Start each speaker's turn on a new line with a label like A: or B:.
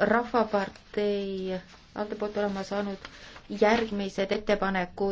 A: Rahvapartei alt poolt olema saanud järgmised ettepanekud